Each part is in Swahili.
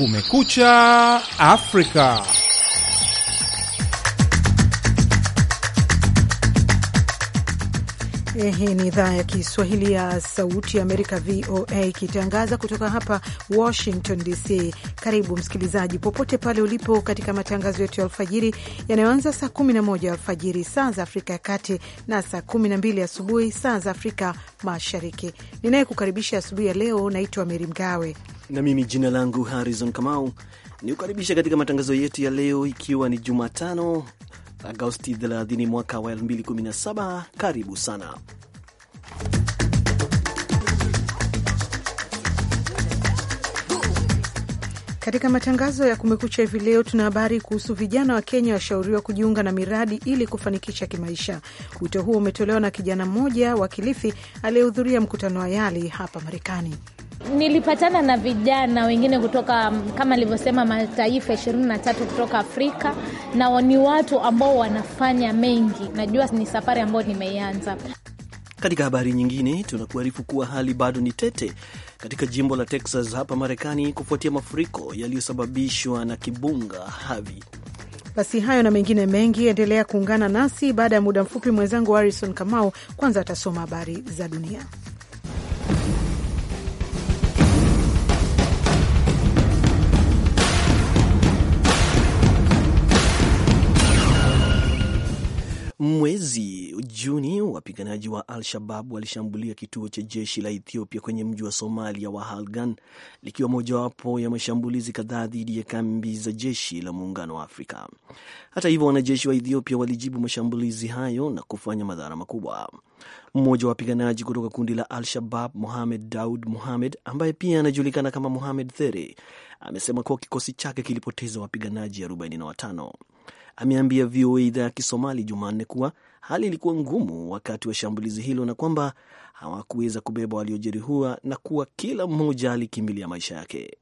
Kumekucha Afrika. Hii ni idhaa ya Kiswahili ya Sauti ya Amerika, VOA, ikitangaza kutoka hapa Washington DC. Karibu msikilizaji, popote pale ulipo, katika matangazo yetu ya alfajiri yanayoanza saa 11 alfajiri saa za Afrika ya Kati na saa 12 asubuhi saa za Afrika Mashariki. Ninayekukaribisha asubuhi ya leo naitwa Meri Mgawe na mimi jina langu Harrison Kamau, ni kukaribisha katika matangazo yetu ya leo, ikiwa ni Jumatano Agosti 30 mwaka wa 2017. Karibu sana katika matangazo ya Kumekucha hivi leo, tuna habari kuhusu vijana wa Kenya washauriwa kujiunga na miradi ili kufanikisha kimaisha. Wito huo umetolewa na kijana mmoja wa Kilifi aliyehudhuria mkutano wa YALI hapa Marekani. Nilipatana na vijana wengine kutoka kama alivyosema mataifa ishirini na tatu kutoka Afrika, na ni watu ambao wanafanya mengi. Najua ni safari ambayo nimeianza. Katika habari nyingine, tunakuarifu kuwa hali bado ni tete katika jimbo la Texas hapa Marekani kufuatia mafuriko yaliyosababishwa na kibunga Harvey. Basi hayo na mengine mengi, endelea kuungana nasi baada ya muda mfupi. Mwenzangu Harrison Kamau kwanza atasoma habari za dunia. Mwezi Juni, wapiganaji wa Al-Shabab walishambulia kituo cha jeshi la Ethiopia kwenye mji wa Somalia wa Halgan, likiwa mojawapo ya mashambulizi kadhaa dhidi ya kambi za jeshi la muungano wa Afrika. Hata hivyo, wanajeshi wa Ethiopia walijibu mashambulizi hayo na kufanya madhara makubwa. Mmoja wa wapiganaji kutoka kundi la Al-Shabab, Mohamed Daud Mohamed, ambaye pia anajulikana kama Mohamed There, amesema kuwa kikosi chake kilipoteza wapiganaji 45 ameambia VOA idhaa ya Kisomali Jumanne kuwa hali ilikuwa ngumu wakati wa shambulizi hilo na kwamba hawakuweza kubeba waliojeruhiwa na kuwa kila mmoja alikimbilia maisha yake.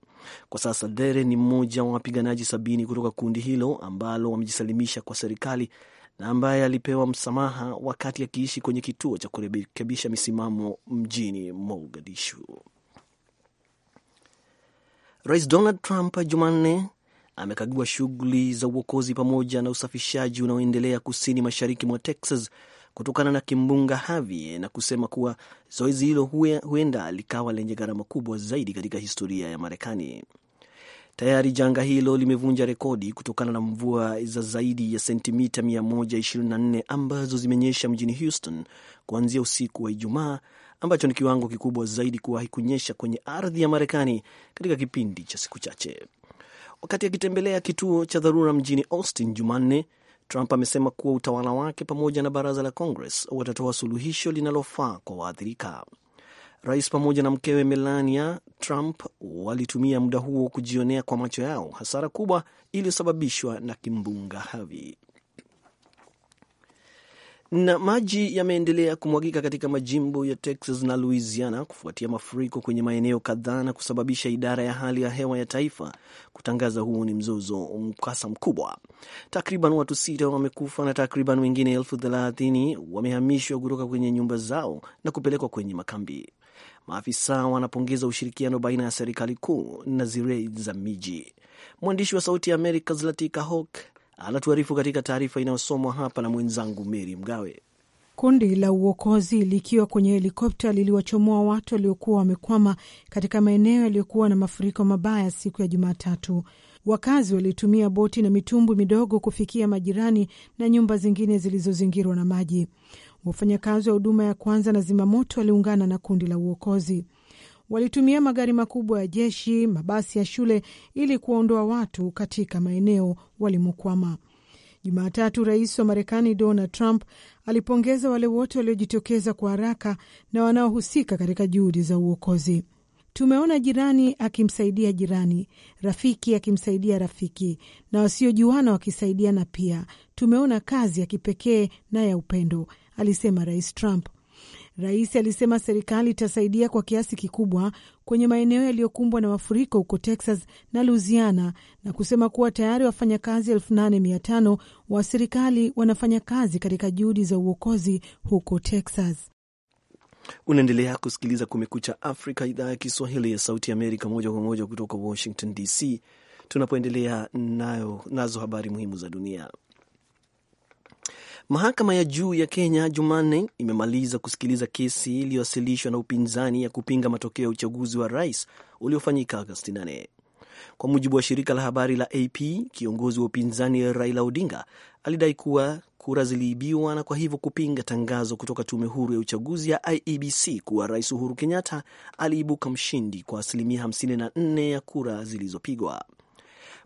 Kwa sasa Dere ni mmoja wa wapiganaji sabini kutoka kundi hilo ambalo wamejisalimisha kwa serikali na ambaye alipewa msamaha wakati akiishi kwenye kituo cha kurekebisha misimamo mjini Mogadishu. Rais Donald Trump Jumanne amekagua shughuli za uokozi pamoja na usafishaji unaoendelea kusini mashariki mwa Texas kutokana na kimbunga Harvey na kusema kuwa zoezi hilo huenda likawa lenye gharama kubwa zaidi katika historia ya Marekani. Tayari janga hilo limevunja rekodi kutokana na mvua za zaidi ya sentimita 124 ambazo zimenyesha mjini Houston kuanzia usiku wa Ijumaa, ambacho ni kiwango kikubwa zaidi kuwahi kunyesha kwenye ardhi ya Marekani katika kipindi cha siku chache. Wakati akitembelea kituo cha dharura mjini Austin Jumanne, Trump amesema kuwa utawala wake pamoja na baraza la Congress watatoa suluhisho linalofaa kwa waathirika. Rais pamoja na mkewe Melania Trump walitumia muda huo kujionea kwa macho yao hasara kubwa iliyosababishwa na kimbunga Harvey. Na maji yameendelea kumwagika katika majimbo ya Texas na Louisiana kufuatia mafuriko kwenye maeneo kadhaa na kusababisha idara ya hali ya hewa ya taifa kutangaza huo ni mzozo mkasa mkubwa. Takriban watu sita wamekufa na takriban wengine elfu thelathini wamehamishwa kutoka kwenye nyumba zao na kupelekwa kwenye makambi. Maafisa wanapongeza ushirikiano baina ya serikali kuu na zile za miji. Mwandishi wa Sauti ya Amerika Zlatika Hawk anatuarifu katika taarifa inayosomwa hapa na mwenzangu Meri Mgawe. Kundi la uokozi likiwa kwenye helikopta liliwachomoa watu waliokuwa wamekwama katika maeneo yaliyokuwa na mafuriko mabaya siku ya Jumatatu. Wakazi walitumia boti na mitumbwi midogo kufikia majirani na nyumba zingine zilizozingirwa na maji. Wafanyakazi wa huduma ya kwanza na zimamoto waliungana na kundi la uokozi walitumia magari makubwa ya jeshi, mabasi ya shule ili kuwaondoa watu katika maeneo walimokwama. Jumatatu, rais wa Marekani Donald Trump alipongeza wale wote waliojitokeza kwa haraka na wanaohusika katika juhudi za uokozi. Tumeona jirani akimsaidia jirani, rafiki akimsaidia rafiki, na wasiojuana wakisaidiana. Pia tumeona kazi ya kipekee na ya upendo, alisema Rais Trump. Rais alisema serikali itasaidia kwa kiasi kikubwa kwenye maeneo yaliyokumbwa na mafuriko huko Texas na Louisiana, na kusema kuwa tayari wafanyakazi elfu wa serikali wanafanya kazi katika juhudi za uokozi huko Texas. Unaendelea kusikiliza Kumekucha Afrika, idhaa ya Kiswahili ya Sauti Amerika, moja kwa moja kutoka Washington DC, tunapoendelea nayo nazo habari muhimu za dunia. Mahakama ya juu ya Kenya Jumanne imemaliza kusikiliza kesi iliyowasilishwa na upinzani ya kupinga matokeo ya uchaguzi wa rais uliofanyika Agosti 8. Kwa mujibu wa shirika la habari la AP, kiongozi wa upinzani Raila Odinga alidai kuwa kura ziliibiwa na kwa hivyo kupinga tangazo kutoka tume huru ya uchaguzi ya IEBC kuwa Rais Uhuru Kenyatta aliibuka mshindi kwa asilimia 54 ya kura zilizopigwa.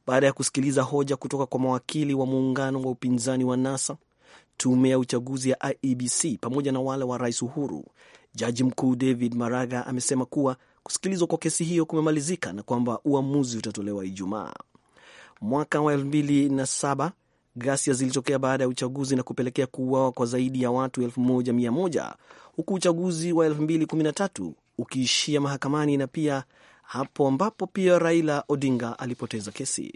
Baada ya kusikiliza hoja kutoka kwa mawakili wa muungano wa upinzani wa NASA, tume ya uchaguzi ya IEBC pamoja na wale wa Rais Uhuru. Jaji mkuu David Maraga amesema kuwa kusikilizwa kwa kesi hiyo kumemalizika na kwamba uamuzi utatolewa Ijumaa. Mwaka wa 27 ghasia zilitokea baada ya uchaguzi na kupelekea kuuawa kwa zaidi ya watu 11 huku uchaguzi wa 213 ukiishia mahakamani na pia hapo ambapo pia Raila Odinga alipoteza kesi.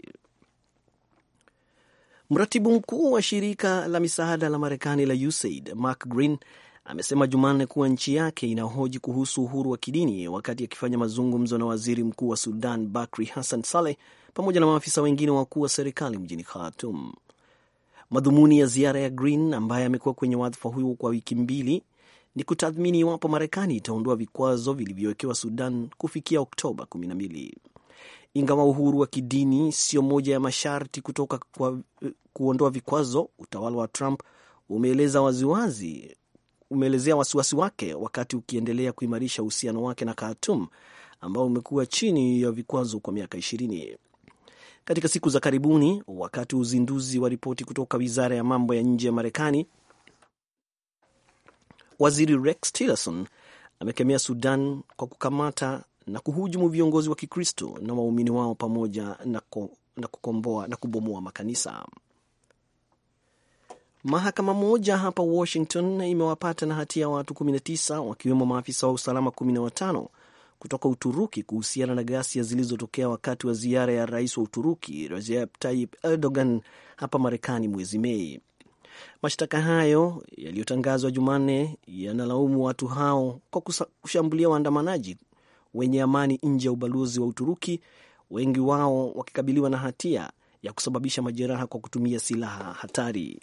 Mratibu mkuu wa shirika la misaada la Marekani la USAID Mark Green amesema Jumanne kuwa nchi yake inahoji kuhusu uhuru wa kidini wakati akifanya mazungumzo na waziri mkuu wa Sudan Bakri Hassan Saleh pamoja na maafisa wengine wakuu wa serikali mjini Khartum. Madhumuni ya ziara ya Green ambaye amekuwa kwenye wadhifa huo kwa wiki mbili ni kutathmini iwapo Marekani itaondoa vikwazo vilivyowekewa Sudan kufikia Oktoba 12. Ingawa uhuru wa kidini sio moja ya masharti kutoka kwa eh, kuondoa vikwazo, utawala wa Trump umeeleza waziwazi, umeelezea wasiwasi wake wakati ukiendelea kuimarisha uhusiano wake na Khartoum ambao umekuwa chini ya vikwazo kwa miaka ishirini. Katika siku za karibuni, wakati wa uzinduzi wa ripoti kutoka wizara ya mambo ya nje ya Marekani, waziri Rex Tillerson amekemea Sudan kwa kukamata na kuhujumu viongozi wa Kikristo na waumini wao pamoja na, ko, na kukomboa na kubomoa makanisa. Mahakama moja hapa Washington imewapata na hatia watu 19 wakiwemo maafisa wa usalama 15 kutoka Uturuki kuhusiana na ghasia zilizotokea wakati wa ziara ya rais wa Uturuki Recep Tayyip Erdogan hapa Marekani mwezi Mei. Mashtaka hayo yaliyotangazwa Jumanne yanalaumu watu hao kwa kushambulia waandamanaji wenye amani nje ya ubalozi wa Uturuki, wengi wao wakikabiliwa na hatia ya kusababisha majeraha kwa kutumia silaha hatari.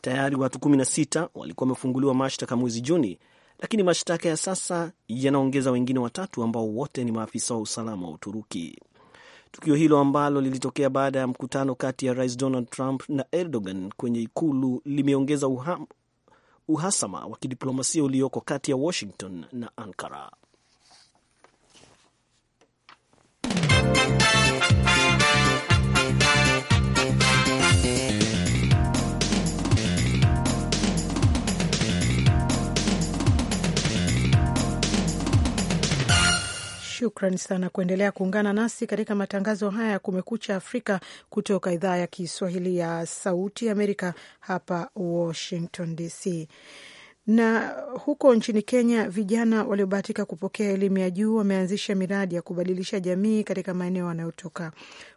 Tayari watu 16 walikuwa wamefunguliwa mashtaka mwezi Juni, lakini mashtaka ya sasa yanaongeza wengine watatu ambao wote ni maafisa wa usalama wa Uturuki. Tukio hilo ambalo lilitokea baada ya mkutano kati ya Rais Donald Trump na Erdogan kwenye ikulu limeongeza uhasama wa kidiplomasia ulioko kati ya Washington na Ankara. Shukran sana kuendelea kuungana nasi katika matangazo haya ya Kumekucha Afrika kutoka idhaa ya Kiswahili ya Sauti Amerika hapa Washington DC. Na huko nchini Kenya, vijana waliobahatika kupokea elimu ya juu wameanzisha miradi ya kubadilisha jamii katika maeneo wanayotoka.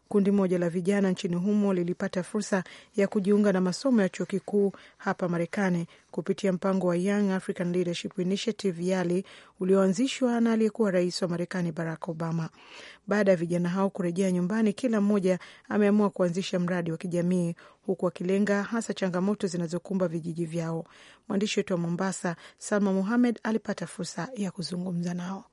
Kundi moja la vijana nchini humo lilipata fursa ya kujiunga na masomo ya chuo kikuu hapa Marekani kupitia mpango wa Young African Leadership Initiative YALI ulioanzishwa na aliyekuwa rais wa Marekani Barack Obama. Baada ya vijana hao kurejea nyumbani, kila mmoja ameamua kuanzisha mradi wa kijamii, huku akilenga hasa changamoto zinazokumba vijiji vyao. Mwandishi wetu wa Mombasa, Salma Muhamed, alipata fursa ya kuzungumza nao.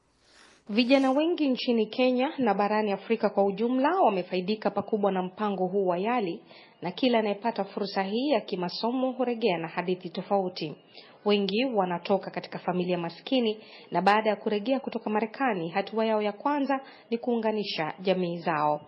Vijana wengi nchini Kenya na barani Afrika kwa ujumla wamefaidika pakubwa na mpango huu wa YALI, na kila anayepata fursa hii ya kimasomo huregea na hadithi tofauti. Wengi wanatoka katika familia maskini, na baada ya kurejea kutoka Marekani, hatua yao ya kwanza ni kuunganisha jamii zao.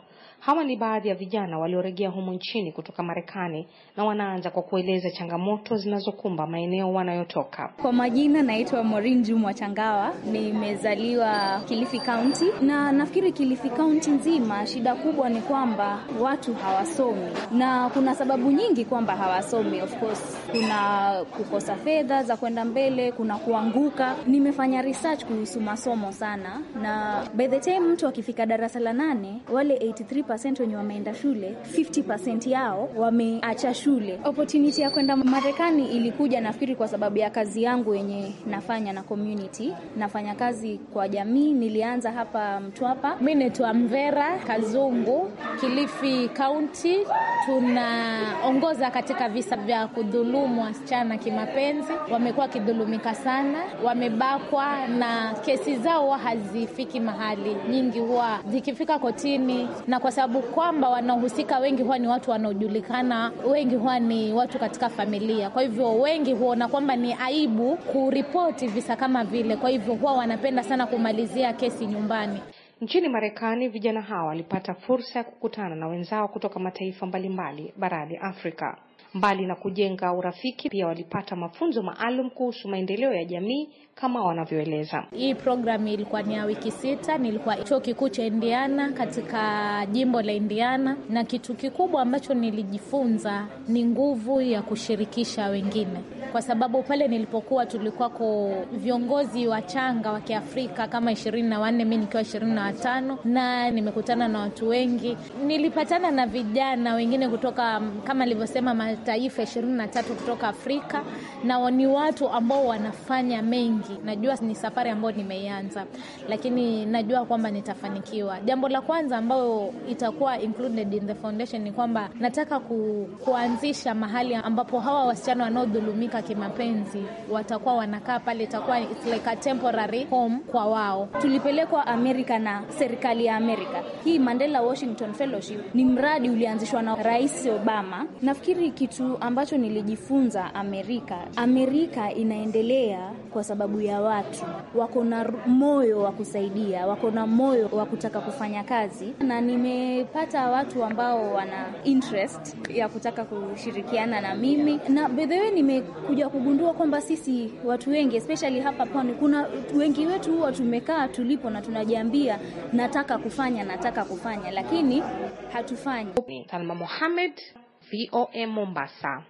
Hawa ni baadhi ya vijana walioregea humu nchini kutoka Marekani na wanaanza kwa kueleza changamoto zinazokumba maeneo wanayotoka. Kwa majina, naitwa Maureen Juma Changawa, nimezaliwa Kilifi County, na nafikiri Kilifi County nzima shida kubwa ni kwamba watu hawasomi, na kuna sababu nyingi kwamba hawasomi. Of course, kuna kukosa fedha za kwenda mbele, kuna kuanguka. Nimefanya research kuhusu masomo sana, na by the time mtu akifika darasa la nane wale 83 50% wenye wameenda shule, 50% yao wameacha shule. Opportunity ya kwenda Marekani ilikuja nafikiri kwa sababu ya kazi yangu yenye nafanya na community, nafanya kazi kwa jamii. Nilianza hapa Mtwapa. Mi naitwa Mvera Kazungu, Kilifi County. Tunaongoza katika visa vya kudhulumu wasichana kimapenzi. Wamekuwa wakidhulumika sana, wamebakwa na kesi zao hazifiki mahali, nyingi huwa zikifika kotini, na kwa sababu sababu kwamba wanaohusika wengi huwa ni watu wanaojulikana, wengi huwa ni watu katika familia. Kwa hivyo wengi huona kwamba ni aibu kuripoti visa kama vile, kwa hivyo huwa wanapenda sana kumalizia kesi nyumbani. Nchini Marekani, vijana hawa walipata fursa ya kukutana na wenzao kutoka mataifa mbalimbali barani Afrika. Mbali na kujenga urafiki, pia walipata mafunzo maalum kuhusu maendeleo ya jamii kama wanavyoeleza. Hii programu ilikuwa ni ya wiki sita, nilikuwa chuo kikuu cha Indiana katika jimbo la Indiana, na kitu kikubwa ambacho nilijifunza ni nguvu ya kushirikisha wengine, kwa sababu pale nilipokuwa tulikuwako viongozi viongozi wachanga wa Kiafrika kama ishirini na wanne, mi nikiwa ishirini na watano, na nimekutana na watu wengi. Nilipatana na vijana wengine kutoka kama alivyosema mataifa ishirini na tatu kutoka Afrika, na ni watu ambao wanafanya mengi mengi. Najua ni safari ambayo nimeianza, lakini najua kwamba nitafanikiwa. Jambo la kwanza ambayo itakuwa included in the foundation ni kwamba nataka ku, kuanzisha mahali ambapo hawa wasichana wanaodhulumika kimapenzi watakuwa wanakaa pale. Itakuwa it's like a temporary home kwa wao. Tulipelekwa Amerika na serikali ya Amerika. Hii Mandela Washington Fellowship ni mradi ulianzishwa na Rais Obama. Nafikiri kitu ambacho nilijifunza Amerika, Amerika inaendelea kwa sababu sababu ya watu, wako na moyo wa kusaidia, wako na moyo wa kutaka kufanya kazi, na nimepata watu ambao wana interest ya kutaka kushirikiana na mimi. Na by the way, nimekuja kugundua kwamba sisi watu wengi especially hapa pwani, kuna wengi wetu huwa tumekaa tulipo na tunajiambia nataka kufanya, nataka kufanya, lakini hatufanyi. Salma Mohamed, VOA Mombasa.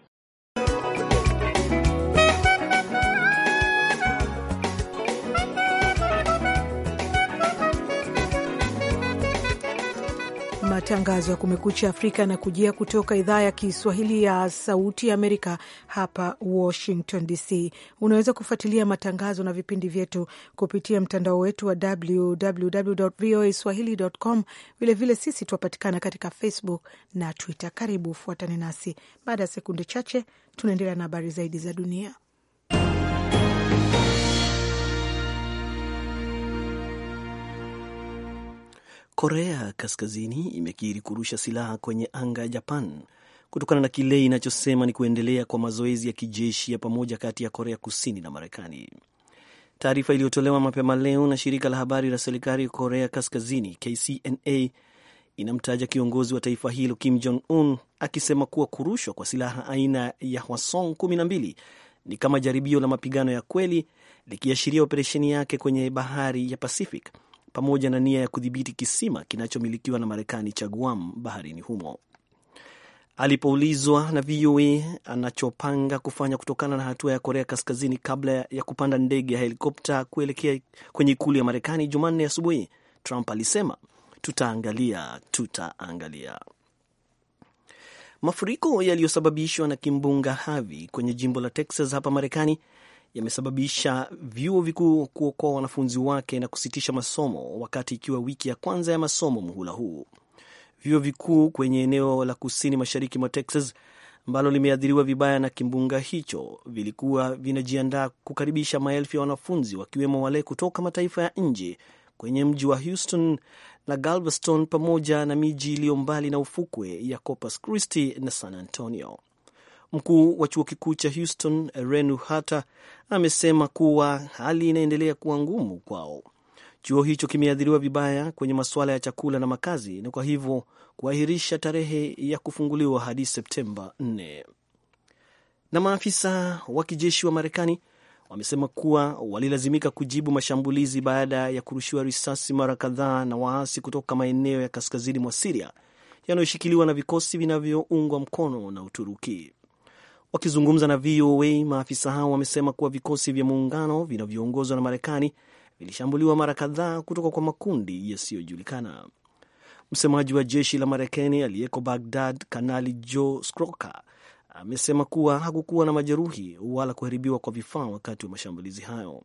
Matangazo ya Kumekucha Afrika na kujia kutoka idhaa ya Kiswahili ya Sauti ya Amerika hapa Washington DC. Unaweza kufuatilia matangazo na vipindi vyetu kupitia mtandao wetu wa www voa swahili.com. Vilevile sisi twapatikana katika Facebook na Twitter. Karibu ufuatane nasi. Baada ya sekunde chache, tunaendelea na habari zaidi za dunia. Korea Kaskazini imekiri kurusha silaha kwenye anga ya Japan kutokana na kile inachosema ni kuendelea kwa mazoezi ya kijeshi ya pamoja kati ya Korea Kusini na Marekani. Taarifa iliyotolewa mapema leo na shirika la habari la serikali Korea Kaskazini KCNA inamtaja kiongozi wa taifa hilo Kim Jong Un akisema kuwa kurushwa kwa silaha aina ya Hwasong 12 ni kama jaribio la mapigano ya kweli, likiashiria operesheni yake kwenye bahari ya Pacific pamoja na nia ya kudhibiti kisima kinachomilikiwa na Marekani cha Guam baharini humo. Alipoulizwa na VOA anachopanga kufanya kutokana na hatua ya Korea Kaskazini kabla ya kupanda ndege ya helikopta kuelekea kwenye ikulu ya Marekani Jumanne asubuhi, Trump alisema tutaangalia, tutaangalia. Mafuriko yaliyosababishwa na kimbunga Harvey kwenye jimbo la Texas hapa Marekani yamesababisha vyuo vikuu kuokoa wanafunzi wake na kusitisha masomo, wakati ikiwa wiki ya kwanza ya masomo muhula huu. Vyuo vikuu kwenye eneo la kusini mashariki mwa Texas ambalo limeathiriwa vibaya na kimbunga hicho vilikuwa vinajiandaa kukaribisha maelfu ya wanafunzi wakiwemo wale kutoka mataifa ya nje kwenye mji wa Houston na Galveston pamoja na miji iliyo mbali na ufukwe ya Corpus Christi na San Antonio. Mkuu wa chuo kikuu cha Houston Renu Hata amesema kuwa hali inaendelea kuwa ngumu kwao. Chuo hicho kimeathiriwa vibaya kwenye masuala ya chakula na makazi, na kwa hivyo kuahirisha tarehe ya kufunguliwa hadi Septemba 4. Na maafisa wa kijeshi wa Marekani wamesema kuwa walilazimika kujibu mashambulizi baada ya kurushiwa risasi mara kadhaa na waasi kutoka maeneo ya kaskazini mwa Siria yanayoshikiliwa na vikosi vinavyoungwa mkono na Uturuki. Wakizungumza na VOA, maafisa hao wamesema kuwa vikosi vya muungano vinavyoongozwa na Marekani vilishambuliwa mara kadhaa kutoka kwa makundi yasiyojulikana. Msemaji wa jeshi la Marekani aliyeko Bagdad, Kanali Joe Scroka amesema kuwa hakukuwa na majeruhi wala kuharibiwa kwa vifaa wakati wa mashambulizi hayo.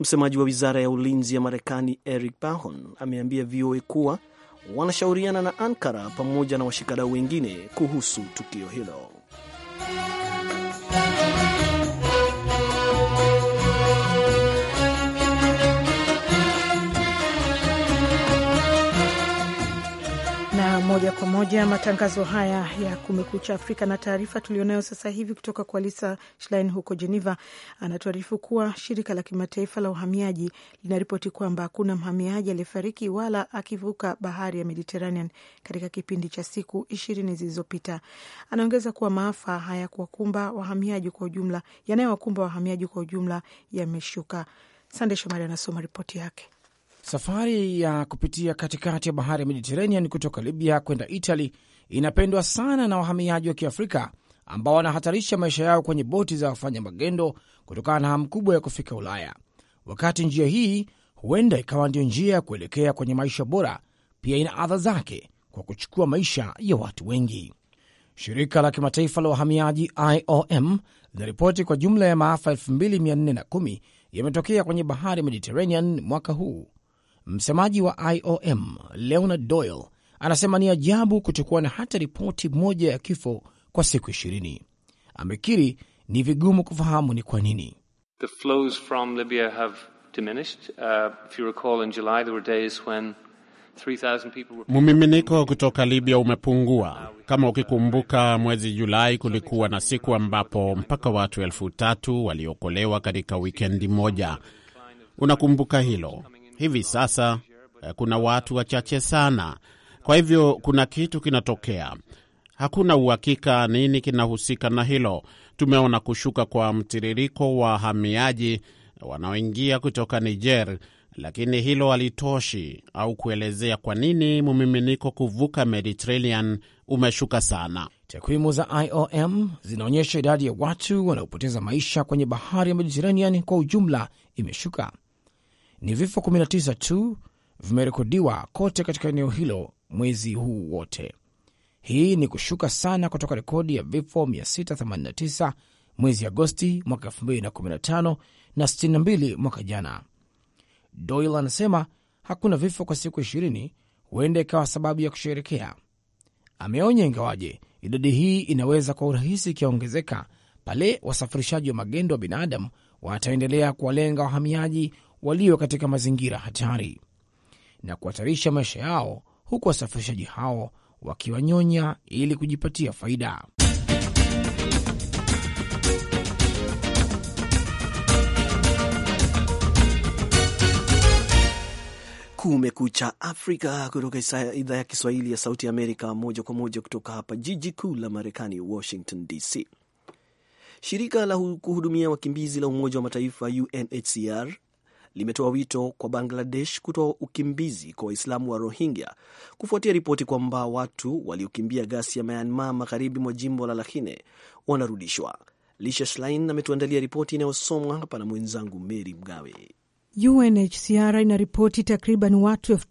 Msemaji wa wizara ya ulinzi ya Marekani Eric Pahon ameambia VOA kuwa wanashauriana na Ankara pamoja na washikadau wengine kuhusu tukio hilo. moja kwa moja matangazo haya ya Kumekucha Afrika na taarifa tulionayo sasa hivi kutoka kwa Lisa Schlein huko Geneva. Anatuarifu kuwa shirika la kimataifa la uhamiaji linaripoti kwamba hakuna mhamiaji aliyefariki wala akivuka bahari ya Mediterranean katika kipindi cha siku ishirini zilizopita. Anaongeza kuwa maafa hayakuwakumba wahamiaji kwa ujumla, yanayowakumba wahamiaji kwa ujumla yameshuka. Sande Shomari anasoma ripoti yake. Safari ya kupitia katikati ya bahari ya Mediterranean kutoka Libya kwenda Italy inapendwa sana na wahamiaji wa Kiafrika ambao wanahatarisha maisha yao kwenye boti za wafanya magendo kutokana na hamu kubwa ya kufika Ulaya. Wakati njia hii huenda ikawa ndio njia ya kuelekea kwenye maisha bora, pia ina adha zake kwa kuchukua maisha ya watu wengi. Shirika la kimataifa la wahamiaji IOM linaripoti kwa jumla ya maafa 2410 yametokea kwenye bahari Mediterranean mwaka huu Msemaji wa IOM Leonard Doyle anasema ni ajabu kutokuwa na hata ripoti moja ya kifo kwa siku ishirini. Amekiri ni vigumu kufahamu ni kwa nini. Mumiminiko uh, kutoka Libya umepungua. Kama ukikumbuka, mwezi Julai kulikuwa na siku ambapo mpaka watu elfu tatu waliokolewa katika wikendi moja. Unakumbuka hilo? hivi sasa eh, kuna watu wachache sana. Kwa hivyo kuna kitu kinatokea. Hakuna uhakika nini kinahusika na hilo. Tumeona kushuka kwa mtiririko wa wahamiaji wanaoingia kutoka Niger, lakini hilo halitoshi au kuelezea kwa nini mumiminiko kuvuka Mediterranean umeshuka sana. Takwimu za IOM zinaonyesha idadi ya watu wanaopoteza maisha kwenye bahari ya Mediterranean kwa ujumla imeshuka ni vifo 19 tu vimerekodiwa kote katika eneo hilo mwezi huu wote. Hii ni kushuka sana kutoka rekodi ya vifo 689 mwezi Agosti mwaka 2015 na 62 mwaka jana. Doyle anasema hakuna vifo kwa siku ishirini, huenda ikawa sababu ya kusherekea. Ameonya ingawaje idadi hii inaweza kwa urahisi ikiongezeka pale wasafirishaji wa magendo wa binadamu wataendelea kuwalenga wahamiaji walio katika mazingira hatari na kuhatarisha maisha yao, huku wasafirishaji hao wakiwanyonya ili kujipatia faida. Kumekucha Afrika kutoka idhaa ya Kiswahili ya Sauti ya Amerika, moja kwa moja kutoka hapa jiji kuu la Marekani, Washington DC. Shirika la kuhudumia wakimbizi la Umoja wa Mataifa, UNHCR, limetoa wito kwa Bangladesh kutoa ukimbizi kwa Waislamu wa Rohingya kufuatia ripoti kwamba watu waliokimbia gasi ya Myanmar magharibi mwa jimbo la Rakhine wanarudishwa. Lisha Schlein ametuandalia ripoti inayosomwa hapa na mwenzangu Meri Mgawe. UNHCR inaripoti takriban watu elfu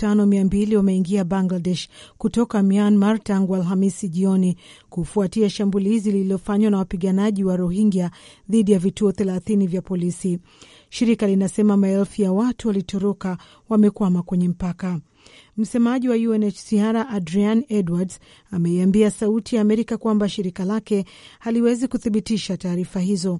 wameingia Bangladesh kutoka Myanmar tangu Alhamisi jioni kufuatia shambulizi lililofanywa na wapiganaji wa Rohingya dhidi ya vituo 30 vya polisi. Shirika linasema maelfu ya watu walitoroka wamekwama kwenye mpaka. Msemaji wa UNHCR Adrian Edwards ameiambia Sauti ya Amerika kwamba shirika lake haliwezi kuthibitisha taarifa hizo.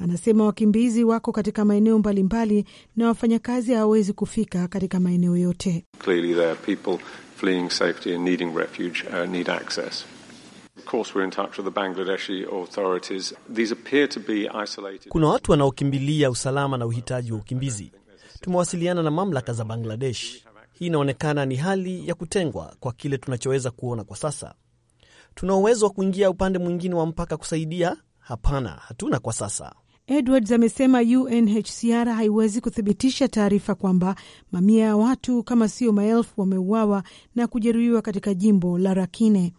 Anasema wakimbizi wako katika maeneo mbalimbali na wafanyakazi hawawezi kufika katika maeneo yote. Clearly there are people fleeing safety and needing refuge, uh, need access course we're in touch with the Bangladeshi authorities. These appear to be isolated. Kuna watu wanaokimbilia usalama na uhitaji wa ukimbizi. Tumewasiliana na mamlaka za Bangladesh. Hii inaonekana ni hali ya kutengwa kwa kile tunachoweza kuona kwa sasa. Tuna uwezo wa kuingia upande mwingine wa mpaka kusaidia? Hapana, hatuna kwa sasa. Edwards amesema UNHCR haiwezi kuthibitisha taarifa kwamba mamia ya watu kama sio maelfu wameuawa na kujeruhiwa katika jimbo la Rakhine.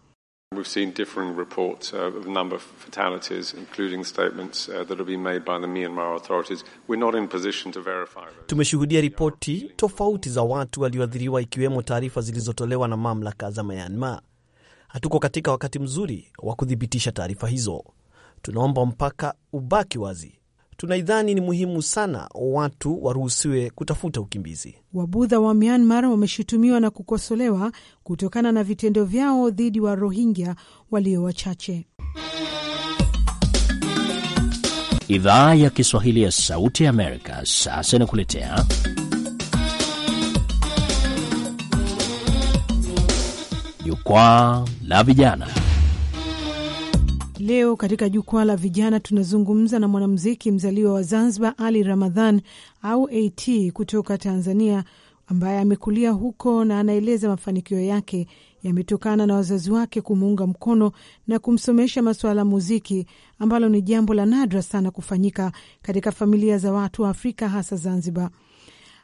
We've seen differing reports uh, of a number of fatalities, including statements uh, that have been made by the Myanmar authorities. We're not in position to verify those. Tumeshuhudia ripoti tofauti za watu walioathiriwa ikiwemo taarifa zilizotolewa na mamlaka za Myanmar. Hatuko katika wakati mzuri wa kuthibitisha taarifa hizo. Tunaomba mpaka ubaki wazi tunaidhani ni muhimu sana watu waruhusiwe kutafuta ukimbizi. Wabudha wa Myanmar wameshutumiwa na kukosolewa kutokana na vitendo vyao dhidi wa Rohingya walio wachache. Idhaa ya Kiswahili ya Sauti ya Amerika sasa inakuletea jukwaa la vijana. Leo katika jukwaa la vijana tunazungumza na mwanamuziki mzaliwa wa Zanzibar, Ali Ramadhan au AT kutoka Tanzania, ambaye amekulia huko na anaeleza mafanikio yake yametokana na wazazi wake kumuunga mkono na kumsomesha masuala muziki, ambalo ni jambo la nadra sana kufanyika katika familia za watu wa Afrika, hasa Zanzibar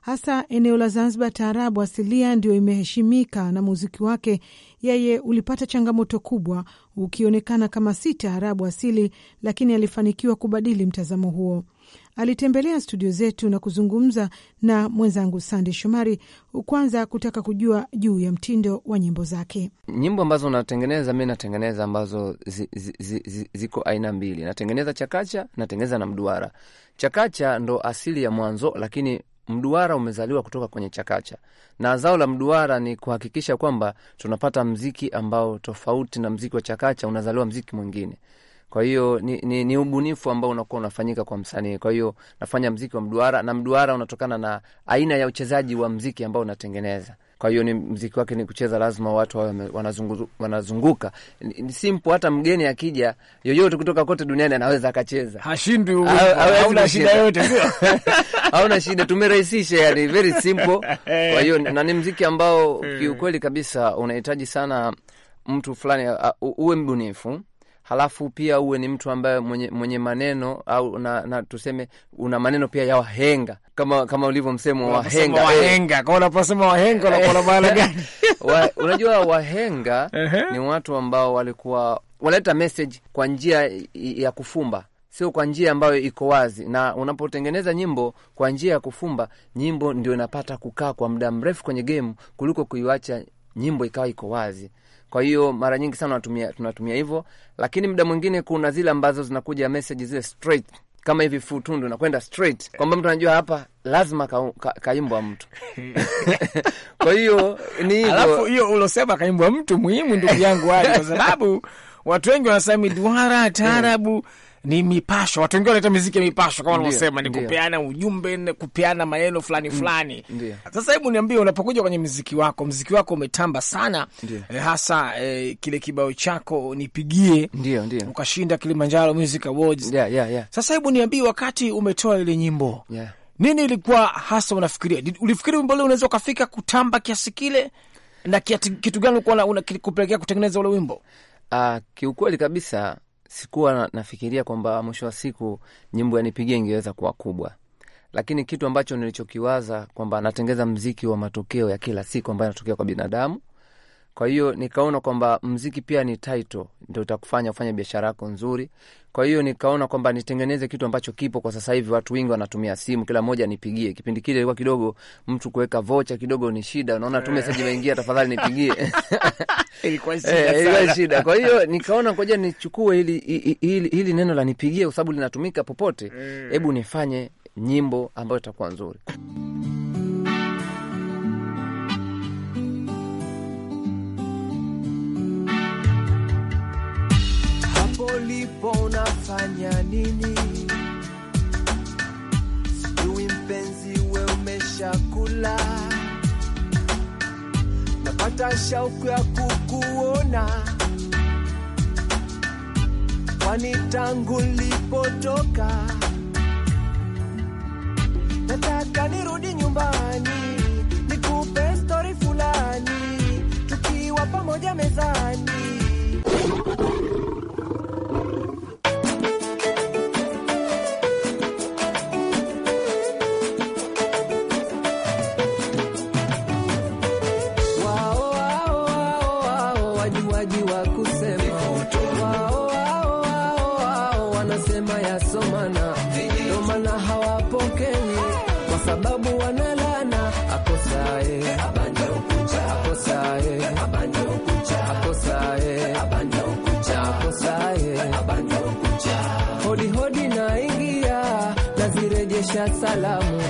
hasa eneo la Zanzibar. Taarabu asilia ndio imeheshimika na muziki wake yeye ulipata changamoto kubwa, ukionekana kama si taarabu asili, lakini alifanikiwa kubadili mtazamo huo. Alitembelea studio zetu na kuzungumza na mwenzangu Sande Shomari, kwanza kutaka kujua juu ya mtindo wa nyimbo zake. Nyimbo ambazo natengeneza mi, natengeneza ambazo zi, zi, zi, zi, ziko aina mbili. Natengeneza chakacha, natengeneza na mduara. Chakacha ndo asili ya mwanzo, lakini mduara umezaliwa kutoka kwenye chakacha, na zao la mduara ni kuhakikisha kwamba tunapata mziki ambao tofauti na mziki wa chakacha, unazaliwa mziki mwingine. Kwa hiyo ni, ni, ni ubunifu ambao unakuwa unafanyika kwa msanii. Kwa hiyo nafanya mziki wa mduara, na mduara unatokana na aina ya uchezaji wa mziki ambao unatengeneza. Kwa hiyo ni mziki wake ni kucheza, lazima watu wanazungu, wanazunguka ni simple. Hata mgeni akija yoyote kutoka kote duniani anaweza akacheza, hashindwi, hauna shida yoyote, hauna shida, tumerahisisha yani, very simple. Kwa hiyo na ni mziki ambao eh. kiukweli kabisa unahitaji sana mtu fulani uwe mbunifu halafu pia uwe ni mtu ambaye mwenye, mwenye maneno au na, na tuseme una maneno pia ya wahenga kama kama ulivyo msemo wahenga wahenga. Eh. Kwa unaposema wahenga unakuwa maana gani? Unajua wahenga ni watu ambao walikuwa waleta message kwa njia ya kufumba sio kwa njia ambayo iko wazi. Na unapotengeneza nyimbo kwa njia ya kufumba, nyimbo ndio inapata kukaa kwa muda mrefu kwenye gemu kuliko kuiwacha nyimbo ikawa iko wazi. Kwa hiyo mara nyingi sana tunatumia tunatumia hivyo, lakini mda mwingine kuna zile ambazo zinakuja message zile straight kama hivi futundu nakwenda straight kwamba mtu anajua hapa lazima ka, ka, kaimbwa mtu kwa hiyo ni hivyo. Alafu hiyo ulosema kaimbwa mtu muhimu, ndugu yangu, wai kwa sababu watu wengi wanasema miduara taarabu ni mipasho, watu wengine wanaita miziki ya mipasho kama unavyosema, ni kupeana ujumbe kupeana maneno fulani mm, fulani. Sasa hebu niambie, unapokuja kwenye mziki wako, mziki wako umetamba sana eh, hasa eh, kile kibao chako nipigie, ndio ndio ukashinda Kilimanjaro Music Awards. Yeah, yeah, yeah. Sasa hebu niambie, wakati umetoa ile nyimbo yeah, nini ilikuwa hasa unafikiria? Ulifikiri wimbo ule unaweza ukafika kutamba kiasi kile, na kitu gani ulikuwa unakupelekea kutengeneza ule wimbo? Uh, kiukweli kabisa sikuwa nafikiria kwamba mwisho wa siku nyimbo yanipigia ingeweza kuwa kubwa, lakini kitu ambacho nilichokiwaza kwamba natengeza mziki wa matokeo ya kila siku ambayo yanatokea kwa binadamu kwa hiyo nikaona kwamba mziki pia ni title ndo utakufanya ufanye biashara yako nzuri. Kwa hiyo nikaona kwamba nitengeneze kitu ambacho kipo kwa sasa hivi, watu wengi wanatumia simu, kila mmoja nipigie. Kipindi kile ilikuwa kidogo mtu kuweka vocha kidogo ni shida, unaona tu eh. meseji imeingia, tafadhali nipigie ilikuwa eh, shida. Kwa hiyo nikaona ngoja nichukue hili, hili, hili, hili neno la nipigie, kwa sababu linatumika popote. Mm. Hebu nifanye nyimbo ambayo itakuwa nzuri. ulipo unafanya nini? Sijui mpenzi, we umeshakula? Napata shauku ya kukuona, kwani tangu nilipotoka nataka nirudi nyumbani, nikupe stori fulani, tukiwa pamoja mezani salamu,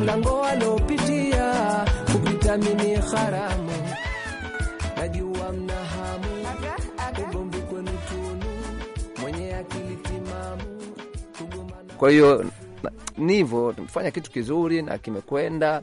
mlango alopitia kupita mimi haramu, najua mna hamu ugomvi kwenu tunu, mwenye akili timamu. Kwa hiyo nivyo tumefanya kitu kizuri na kimekwenda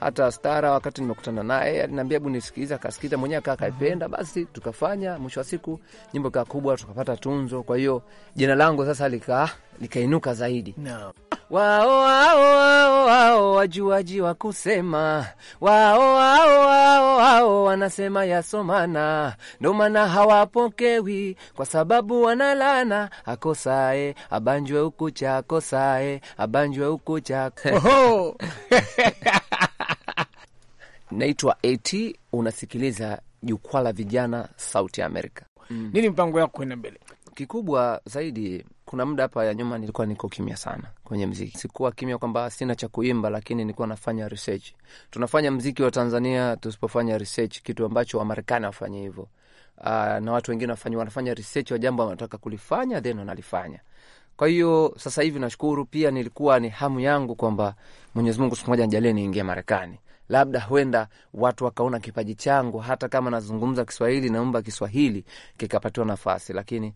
hata Stara wakati nimekutana naye aliniambia hebu nisikiliza, akasikiliza mwenyewe akaa akaipenda, basi tukafanya, mwisho wa siku nyimbo kaa kubwa, tukapata tunzo. Kwa hiyo jina langu sasa lika likainuka zaidi no. Wao wao wao wajuaji wa kusema, wao wao wao wanasema yasomana, ndo maana hawapokewi kwa sababu wanalana. Akosae abanjwe ukucha, akosae abanjwe ukucha Naitwa AT, unasikiliza jukwaa la vijana, sauti ya Amerika. Mm. Nini mpango yako kwenda mbele? Kikubwa zaidi, kuna muda hapa ya nyuma nilikuwa niko kimya sana kwenye mziki. Sikuwa kimya kwamba sina cha kuimba, lakini nilikuwa nafanya research. Tunafanya mziki wa Tanzania, tusipofanya research, kitu ambacho Wamarekani wafanye hivyo. Uh, na watu wengine wafanya, wanafanya research wa jambo wanataka kulifanya then wanalifanya. Kwa hiyo sasa hivi nashukuru pia, nilikuwa ni hamu yangu kwamba Mwenyezi Mungu siku moja nijalie niingie Marekani labda huenda watu wakaona kipaji changu, hata kama nazungumza Kiswahili, naomba Kiswahili kikapatiwa nafasi, lakini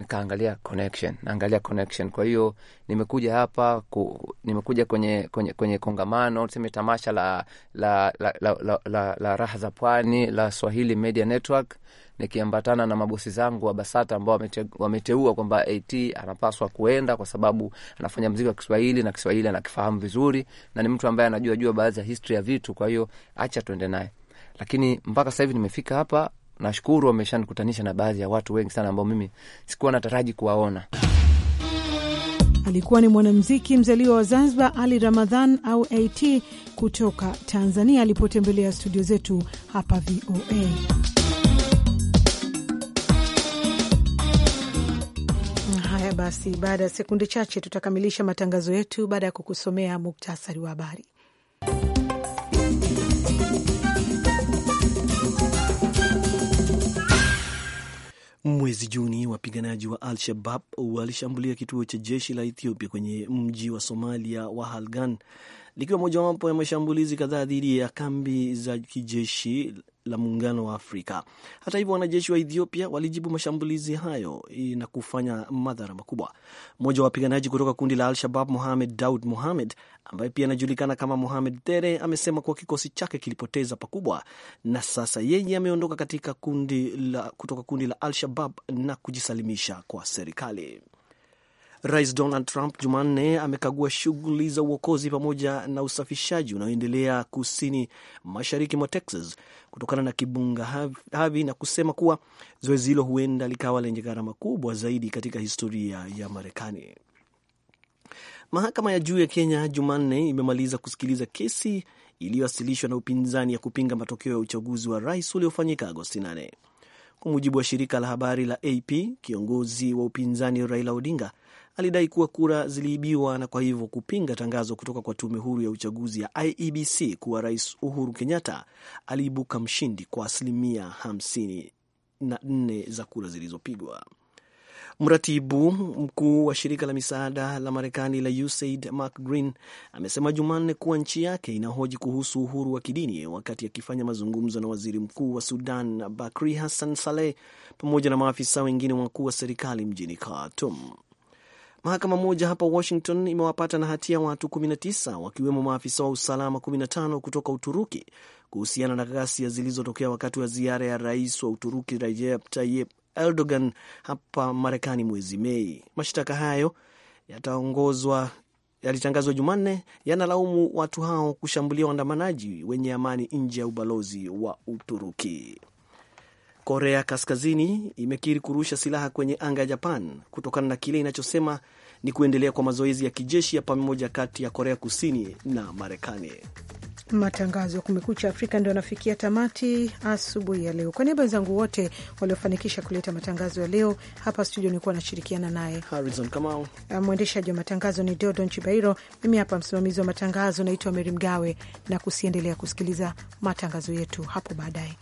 nikaangalia connection, naangalia connection. Kwa hiyo nimekuja hapa ku, nimekuja kwenye, kwenye, kwenye kongamano tuseme tamasha la, la, la, la, la, la, la raha za pwani la Swahili Media Network nikiambatana na mabosi zangu wa BASATA ambao wameteua wameteua kwamba AT anapaswa kuenda kwa sababu anafanya mziki wa Kiswahili na Kiswahili anakifahamu vizuri na ni mtu ambaye anajua jua baadhi ya history ya vitu, kwa hiyo acha tuende naye. Lakini mpaka sasa hivi nimefika hapa nashukuru wameshanikutanisha na baadhi ya watu wengi sana ambao mimi sikuwa nataraji kuwaona. Alikuwa ni mwanamuziki mzaliwa wa Zanzibar, Ali Ramadhan au AT kutoka Tanzania, alipotembelea studio zetu hapa VOA. Haya basi, baada ya sekunde chache tutakamilisha matangazo yetu baada ya kukusomea muktasari wa habari. Mwezi Juni, wapiganaji wa Al-Shabab walishambulia kituo cha jeshi la Ethiopia kwenye mji wa Somalia wa Halgan, likiwa mojawapo ya mashambulizi kadhaa dhidi ya kambi za kijeshi la Muungano wa Afrika. Hata hivyo, wanajeshi wa Ethiopia walijibu mashambulizi hayo na kufanya madhara makubwa. Mmoja wa wapiganaji kutoka kundi la Al-Shabab, Mohamed Daud Mohamed, ambaye pia anajulikana kama Mohamed Tere, amesema kuwa kikosi chake kilipoteza pakubwa na sasa yeye ameondoka katika kundi la, kutoka kundi la Al-Shabab na kujisalimisha kwa serikali. Rais Donald Trump Jumanne amekagua shughuli za uokozi pamoja na usafishaji unaoendelea kusini mashariki mwa Texas kutokana na kibunga Harvey na kusema kuwa zoezi hilo huenda likawa lenye gharama kubwa zaidi katika historia ya Marekani. Mahakama ya juu ya Kenya Jumanne imemaliza kusikiliza kesi iliyowasilishwa na upinzani ya kupinga matokeo ya uchaguzi wa rais uliofanyika Agosti 8. Kwa mujibu wa shirika la habari la AP, kiongozi wa upinzani Raila Odinga alidai kuwa kura ziliibiwa na kwa hivyo kupinga tangazo kutoka kwa tume huru ya uchaguzi ya IEBC kuwa Rais Uhuru Kenyatta aliibuka mshindi kwa asilimia 54 za kura zilizopigwa. Mratibu mkuu wa shirika la misaada la Marekani la USAID Mark Green amesema Jumanne kuwa nchi yake inahoji kuhusu uhuru wa kidini wakati akifanya mazungumzo na waziri mkuu wa Sudan Bakri Hassan Saleh pamoja na maafisa wengine wakuu wa serikali mjini khartum Mahakama moja hapa Washington imewapata na hatia watu 19 wakiwemo maafisa wa usalama 15 kutoka Uturuki kuhusiana na ghasia zilizotokea wakati wa ziara ya rais wa Uturuki Recep Tayyip Erdogan hapa Marekani mwezi Mei. Mashtaka hayo yataongozwa yalitangazwa Jumanne, yanalaumu watu hao kushambulia waandamanaji wenye amani nje ya ubalozi wa Uturuki. Korea Kaskazini imekiri kurusha silaha kwenye anga ya Japan kutokana na kile inachosema ni kuendelea kwa mazoezi ya kijeshi ya pamoja kati ya Korea Kusini na Marekani. Matangazo ya Kumekucha Afrika ndio anafikia tamati asubuhi ya leo. Kwa niaba wenzangu wote waliofanikisha kuleta matangazo ya leo hapa studio, nilikuwa nashirikiana naye Harrison Kamau, uh, mwendeshaji wa matangazo ni Deodon Chibairo, mimi hapa msimamizi wa matangazo naitwa Meri Mgawe, na kusiendelea kusikiliza matangazo yetu hapo baadaye.